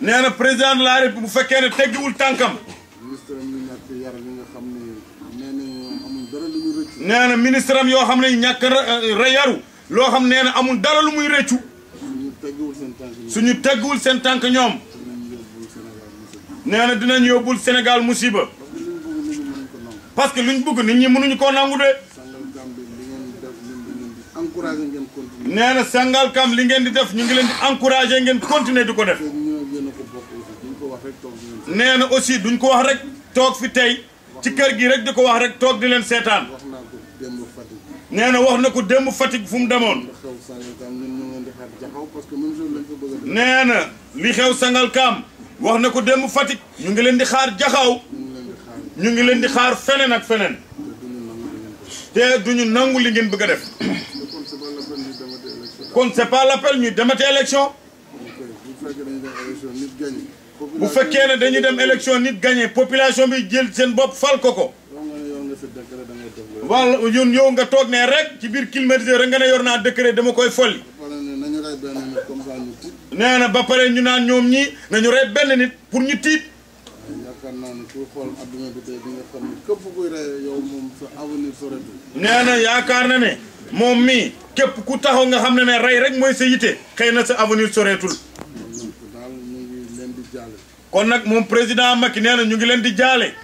nee na président de la République bu fekkee ne teggiwul tànkam. ministre am yi ñàkk xam na amul dara lu muy rëccu. nee na ministre yoo xam ne ñàkk ra euh, loo xam nee na amul dara lu muy rëccu. suñu teggiwul seen tànk ñoom suñu teggiwul seen tànk ñoom. nee na dinañ yóbbul Sénégal musiba. parce que luñ bëgg nit ñi mënuñu ko nangu de. nee na Sangalkam li ngeen di def ñu ngi leen di encouragé ngeen continuer di ko def. nee na aussi duñ ko wax rek toog fi tey ci kër gi rek di ko wax rek toog di leen seetaan. nee na wax na ko démb Fatick fu mu demoon. nee na li xew Sangalkam wax na ko démb Fatick ñu ngi leen di xaar jaxaw ñu ngi leen di xaar feneen ak feneen te ñu nangu li ngeen bëgg a def kon c'est pas l'appel ñu demate élection bu fekkee ne dañu dem élection nit gagné population bi jël seen bopp fal ko ko. wala ñun yow nga toog ne rek ci biir climatiseur rek nga ne yor naa décret dama koy folli. nee na ba pare ñu naan ñoom ñii nañu rey benn nit pour ñu tiit. nee na yaakaar na ne moom mii képp ku taxaw nga xam ne na rey rek mooy sa yite xëy na sa avenir soreetul. kon nag moom président Macky nee na ñu ngi leen di jaale